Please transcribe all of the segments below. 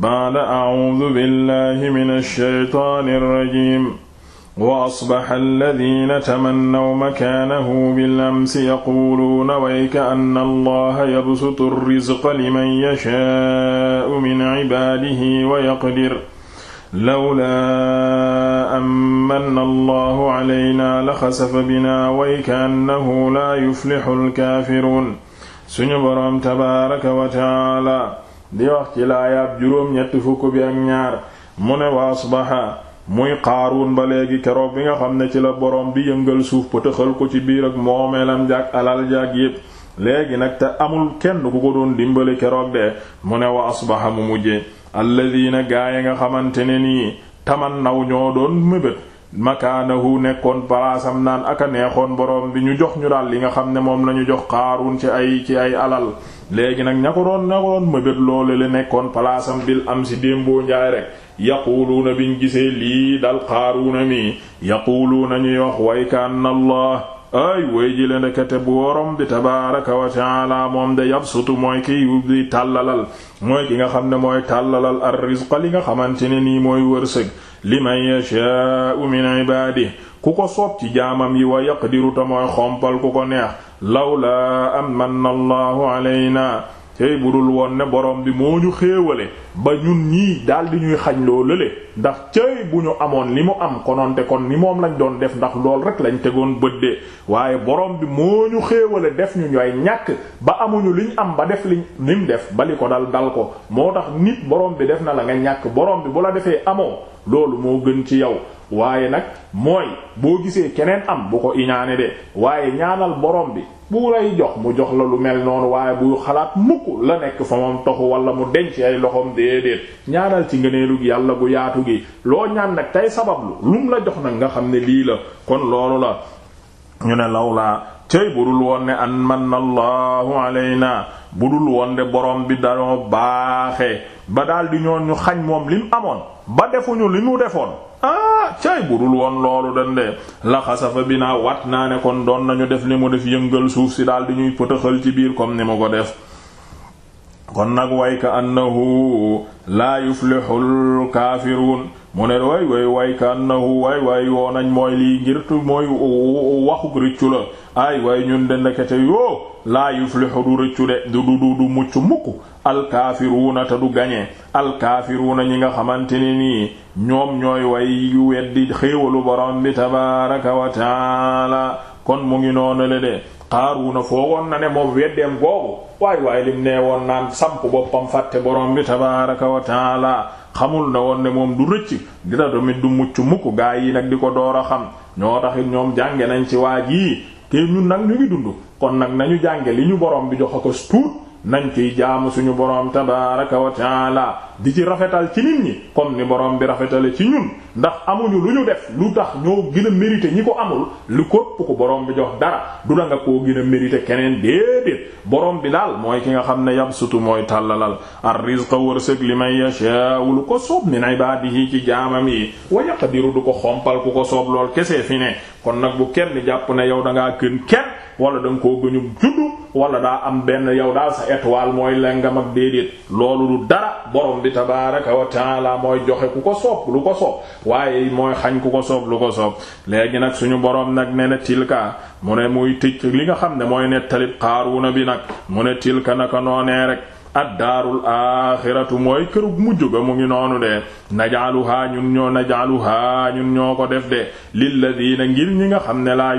ba'da a'uudu billahi mina shaytaani rajiim wa asbaha alladiina tamannaw makaanahu bil-amsi yaquuluuna wayka anna allaha yabsutu r-rizqa liman yashaa'u min cibaadihi wa yaqdir lawlaa an manna allahu calaynaa laxasafa binaa wayka annahu laa yuflixu l-kaafiruun suñu boroom tabaaraka wa tacaala di wax ci laayaat juróom ñetti fukk bi ak ñaar mu ne wa asbaha muy xaaruun ba léegi keroog bi nga xam ne ci la boroom bi yëngal suuf pëtëxal ko ci biir ak moomeelam jàk alal jàk yépp léegi nag te amul kenn ku ko doon dimbali keroog de mu ne wa asbaha mu mujje alladina gaay nga xamante ne nii taman naw ñoo doon mébét makaanahu nekkoon palaasam naan a neexoon borom bi ñu jox ñu daal li nga xam ne moom la ñu jox Qaaruun ci ay ci ay alal léegi nag ña ko doon ña ko doon loolu la nekkoon palaasam bil am si démboo njaay rek bi ñu gisee lii dal Qaaruuna mi yaquluuna ñuy wax waykaan allah ay woy ji leen ndekete bu worom bi tabaraka wa taala moom de yabsutu mooy ki yubbi tàllalal mooy ki nga xam ne mooy tàllalal ar rizqa li nga xamante ne nii mooy wërsëg liman yashaa'u min ibaadihi ku ko soob ci jaamam yi wa yaqdiru ta mooy xompal ku ko neex lawlaa am manna allahu alayna tey budul woon ne borom bi moo ñu xéewale ba ñun ñii daal di ñuy xañ loo lële ndax cëy bu ñu amoon li mu am kononte kon ni moom lañ doon def ndax lool rek lañ tegoon bëddee waaye borom bi moo ñu xéewale def ñu ñooy ñàkk ba amuñu liñ am ba def liñ lim def bali ko dal dal ko moo tax nit borom bi def na la nga ñàkk borom bi bu la defee amoo loolu moo gën ci yow waaye nag mooy boo gisee keneen am bu ko iñaane de waaye ñaanal borom bi bu lay jox mu jox la lu mel noonu waaye bu xalaat mukk la nekk fa moom toxu wala mu denc ay loxoom déedéet ñaanal ci ngëneelu gi yàlla gu yaatu gi loo ñaan nag tey sabablu lum la jox nag nga xam ne lii la kon loolu la ñu ne lawlaa cey budul woon ne an manna allahu bu dul woon de borom bi dañoo baaxee ba daal di ñoon ñu xañ moom lim amoon ba defuñu li mu defoon ah cay budul woon loolu den laxasa la xasafa bi naa wat naa ne kon doon nañu def li mu def yëngal suuf si daal di ñuy pëtëxal ci biir comme ni mu ko def kon nag way ka annahu laa yuflihul kaafiruun mu ne way way way ka annahu way way yoonañ mooy lii ngirtu mooy waxuk rëccu la ay way ñun de ndekete yoo laa yuflihu rëccu de du du du mucc mukk alkaafiruuna te du gañe alkaafiruuna ñi nga xamante ne nii ñoom ñooy way yu weddi xéewalu borom bi tabaaraka wa taala kon mu ngi noonu le de xaaruuna foogoon na ne moom weddeem googu waay waay lim nee woon naan samp boppam fàtte borom bi tabaaraka wa taala xamul na woon ne moom du rëcc dina tamit du mucc mukk gaa yi nag di ko door a xam ñoo taxit ñoom jànge nañ ci waaj yi te ñun nag ñu ngi dund kon nag nañu jànge li ñu borom bi jox ko tuut nañ ciy jaamu suñu boroom tabaaraka wa taala di ci rafetal ci nit ñi comme ni borom bi rafetale ci ñun ndax amuñu lu ñu def lu tax ñoo gën a mérité ñi ko amul lu ko ko borom bi jox dara du la nga koo gën mérité keneen déedéet borom bi daal mooy ki nga xam ne yabsutu mooy tàllalal ar-rizqa wërsëg li may yashaa'u lu ko soob min ibaadihi ci jaamam yi wa yaqdiru du ko xompal ku ko soob lool kese fi ne kon nag bu kenn jàpp na yow da ngaa gën kenn wala da nga koo gëñu juddu wala daa am benn yow daal sa mooy lengam ak bi tabaaraka wa taala mooy joxe ku ko sopp lu ko sopp waaye mooy xañ ku ko sopp lu ko soob léegi nag suñu boroom nag ne na tilka mu ne muy tëj li nga xam ne mooy nettalib Qaaruuna bi nag mu ne tilka naka noonee rek addaarul aaxiratu mooy kërug mujj ga mu ngi noonu de najaaluhaa ñun ñoo najaaluhaa ñun ñoo ko def de lilladiina ngir ñi nga xam ne laa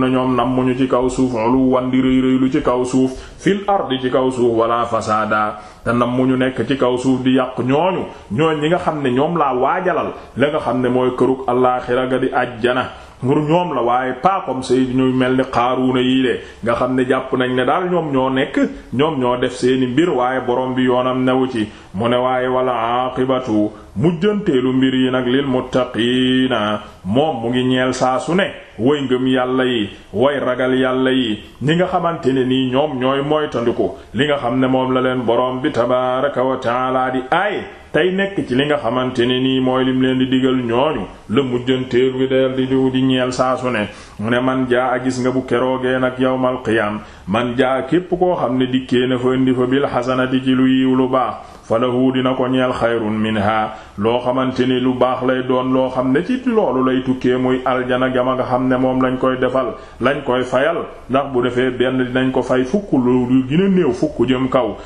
na ñoom nammuñu ci kaw suuf ulu wan di rëy rëylu ci kaw suuf fil ardi ci kaw suuf wala fasaada te nammuñu nekk ci kaw suuf di yàq ñooñu ñooñ ñi nga xam ne ñoom laa waajalal la nga xam ne mooy kërug alaaxira ga di ajjana pour ñoom la waaye pas comme say ñu mel ni xaaruuna yii de nga xam ne jàpp nañ ne daal ñoom ñoo nekk ñoom ñoo def seeni mbir waaye borom bi yoonam newu ci mu ne waaye wala aqibatu mujjanteelu mbir yi nag lil muttaqiina moom mu ngi ñeel saa su ne way ngëm yàlla yi way ragal yàlla yi ñi nga xamante ne nii ñoom ñooy moytandiku li nga xam ne moom la leen borom bi tabaaraka wa taala di ay tey nekk ci li nga xamante ne nii mooy lim leen di digal ñooñu la mujjanteer bi deel di diw di ñeel saa ne mu ne man jaa a gis nga bu keroogee nag yawmal qiyam man jaa képp koo xam ne dikkee na fa indi fa bil xasanati ci lu yiw lu baax falahu dina ko ñeel xayrun minha loo xamante ni lu baax lay doon loo xam ne ci loolu lay tukkee muy aljana jama nga xam ne moom lañ koy defal lañ koy fayal ndax bu defee benn dinañ ko fay fukk lu gën a néew fukk jëm kaw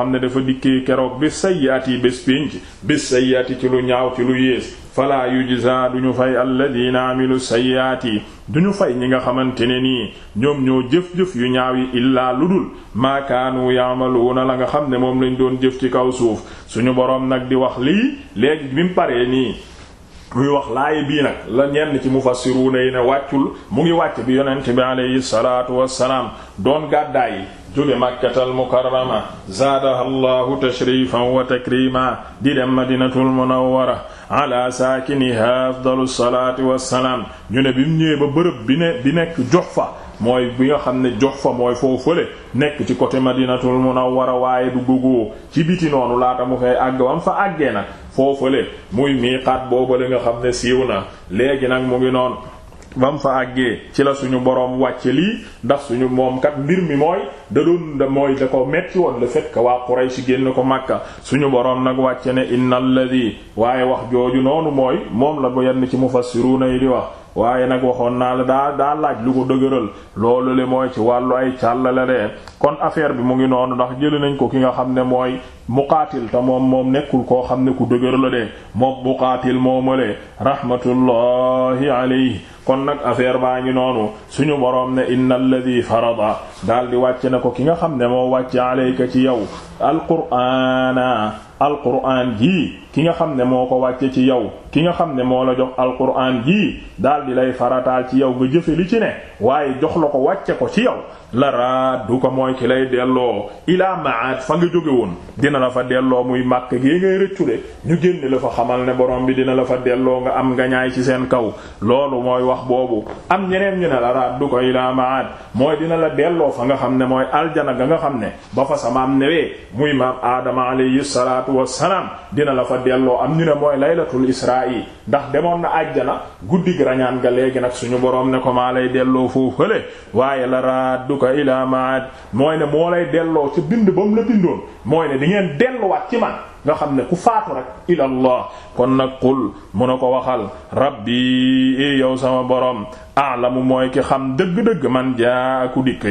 xam ne dafa dikkee keroog bi sayyaati bés pénc bi sayyaati ci lu ñaaw ci lu yées falaa yujza duñu fay alladina amilu sayyaati duñu fay ñi nga xamante ne nii ñoom ñoo jëf-jëf yu ñaaw yi illaa lu dul maakaanu yaamaluuna la nga xam ne moom lañ doon jëf ci kaw suuf suñu boroom nag di wax lii léegi bi mu paree nii muy wax laay bii nag la ñenn ci mufassiruuna yi ne wàccul mu ngi wàcc bi yonente bi alayhi salaatu wassalaam doon gàddaay jóge makkatal mukarrama zaadaha allahu tashrifan wa takrima di dem madinatul munawwara ala saakiniha afdalu salaati wassalaam ñu ne bi mu ba bërëb bi bi nekk jox mooy bi nga xam ne jox fa mooy foo fële nekk ci côté madinatul munawwara waaye du gogoo ci biti noonu laata mu fay àgg wam fa àggee nag foo fële muy miiqaat boobu la nga xam ne siiw na léegi nag mu ngi noonu ba mu fa àggee ci la suñu boroom wàcce lii ndax suñu moom kat mbir mi mooy da doon da mooy da ko metti woon le fait que waa si génn ko Makka suñu boroom nag wàcce ne innal ladhi waaye wax jooju noonu mooy moom la bu yenn ci mufassiruna yi di wax waaye nag waxoon naa la daa daa laaj lu ko dëgëral loolu le mooy ci wàllu ay càllale de kon affaire bi mu ngi noonu ndax jëli nañ ko ki nga xam ne mooy muqaatil te moom moom nekkul koo xam ne ku dëgër la de moom muqaatil moomalee rahmatullahi alayhi kon nag affaire baa ngi noonu suñu boroom ne inna alladi farada daal di wàcc na ko ki nga xam ne moo wàcc alayka ci yow alqur'ana alquran jii ki nga xam ne moo ko wàcce ci yow ki nga xam ne moo la jox alquran jii daal di lay farataal ci yow nga jëfe li ci ne waaye jox la ko wàcce ko ci yow la raaddu ko mooy ki lay delloo ilaa maad fa nga jóge woon dina la fa delloo muy màkk gée ngay rëccule ñu génn la fa xamal ne borom bi dina la fa delloo nga am ngañaay ci seen kaw loolu mooy wax boobu am ñeneen ñu ne la raaddu ko ilaa maad mooy dina la delloo fa nga xam ne mooy aljana nga nga xam ne salaatu wassalaam dina la fa delloo am ñu ne mooy laylatul israa yi ndax demoon na àjjana guddi gi rañaan nga léegi nag suñu boroom ne ko maa lay delloo foofu fële waaye la radduka ilaa maad mooy ne moo lay delloo ca bind ba mu la bindoon mooy ne di ngeen delluwaat ci man nga xam ne ku faatu rek ilallah kon nag qul mu na ko waxal rabbi eh yow sama boroom a'lamu mooy ki xam dëgg-dëgg man jaa ku dikk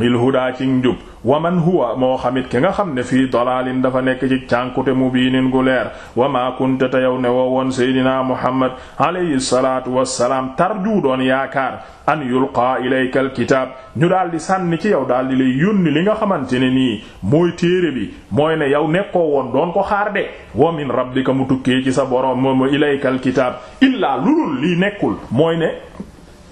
lil hudaa ci njub wa man huwa moo xamit ki nga xam ne fii dalaalin dafa nekk ci cànkute mubiinin gu leer wa maa kunta te yow ne woo woon seydinaa muhammad alayhi salaatu wassalaam tarju doon yaakaar an yulqaa ilayka alkitaab ñu daal di sànni ci yow daal di lay yónni li nga xamante ne nii mooy téere bi mooy ne yow nekkoo woon doon ko xaar de wa min rabbika mu tukkee ci sa boroom moom ilayka illaa lulul lii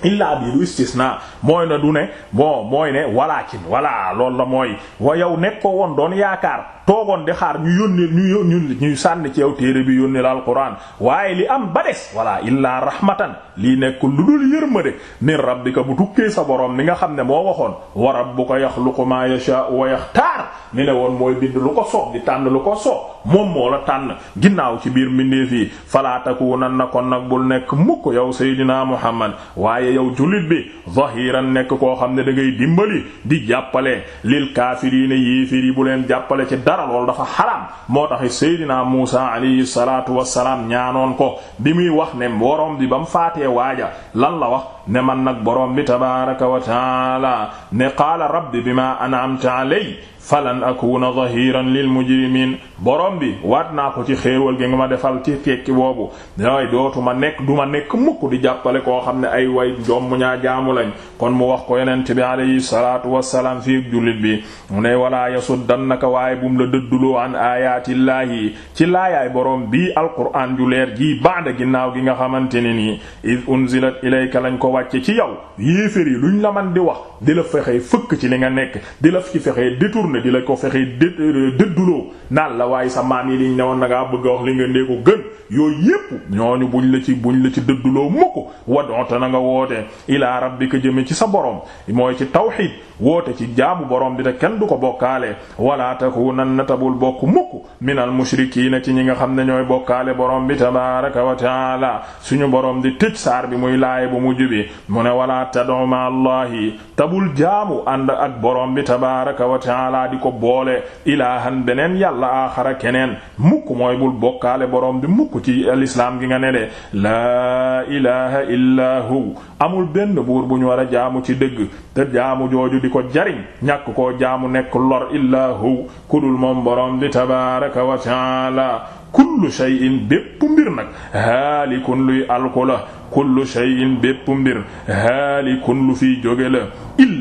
illaa bi du istisna mooy na du ne bon mooy ne walaakin walaa lool la mooy wa yow nekk ko woon doon yaakaar toogoon di xaar ñu yónni ñu ñu ñuy sànni ci yow téere bi yónni la alquran waaye li am ba des walaa illaa rahmatan lii nekkul lu dul yërmande min rabbika bu tukkee sa borom ni nga xam ne moo waxoon wa rabbuka yaxluqu ma yashaa'u wa yaxtaar ni ne woon mooy bind lu ko soob di tànn lu ko soob moom moo la tànn ginnaaw ci biir mbindeef yi falaa takuunan na kon nag bul nekk mukk yow seydinaa muhammad waaye yow jullit bi zahiran nekk koo xam ne da dimbali di jàppale lil kaafiriina yéefér yi bu leen jàppale ci dara lool dafa xaraam moo taxi seydinaa muusa alayhi salaatu wassalaam ñaanoon ko bi muy wax ne borom bi ba mu faatee waaja lan la wax ne man nag borom bi tabaaraka wa taala ne qaala rabbi bima an'amta alay falan akuna zahiran lil mujrimin borom bi waat naa ko ci xéewal gi nga ma defal ci tekki boobu way doo ma nekk du ma nekk mukk di jàppale koo xam ne ay way jomm ñaa jaamu lañ kon mu wax ko yonent bi alayhi salaatu wassalaam fii jullit bi mu ne walaa yasuddannaka waaye bu mu la dëdduloo an aayaatillaahi ci laayaay borom bii alquraan ju leer jii baada ginnaaw gi nga xamante ne nii iz unzilat ilayka lañ ko wàcce ci yow yéefér yi luñ man di wax di la fexee fëkk li nga nekk di ne di la ko fexe dë euh, dëdduloo naan la waaye sa maam yi liñ newoon da ngaa bëgg a wax li nga ndee ko gën yooyu yépp ñooñu buñ la ci buñ la ci dëdduloo mukk wadonte na nga woote ilaa rabbika jëme ci sa borom mooy ci tawxiid woote ci jaamu borom bi te kenn du ko bokkaale na tabul bokk mukk minal mushrikiina ñi nga xam ne ñooy bokkaale borom bi tabaraka wa taala suñu borom di tëj saar bi muy laay bu mujj bi mu ne wala tad'u allahi tabul jaamu ànd ak borom bi tabaraka wa taala daa di ko boole ilaahan beneen yàlla aaxara keneen mukk mooy bul bokkaale borom bi mukk ci lislaam gi nga ne de laa ilaha illaa amul benn buur bu ñu war a jaamu ci dëgg te jaamu jooju di ko jariñ ñàkk ko jaamu nekk lor illaa hu kudul moom borom bi tabaaraka wa taala kullu shay'in bépp mbir nag haalikun kullu shay'in bépp lu fiy la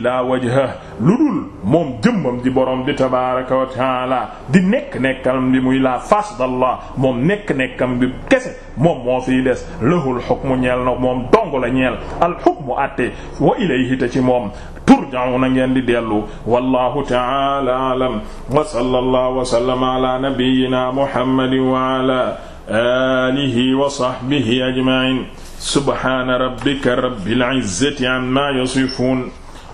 illaa wajha lu dul moom jëmmam di borom di tabaraka wa taala di nekk-nekkam bi muy la face d'Allah moom nekk-nekkam bi kese moom moo fii des lahul hukmu ñeel na moom dong la ñeel al hukmu atte wa ilayhi ta ci moom turja'una ngeen di dellu wallahu ta'ala a'lam wa sallallahu wa sallama ala nabiyyina muhammadin wa ala alihi wa sahbihi ajma'in subhana rabbika rabbil izzati amma yasifun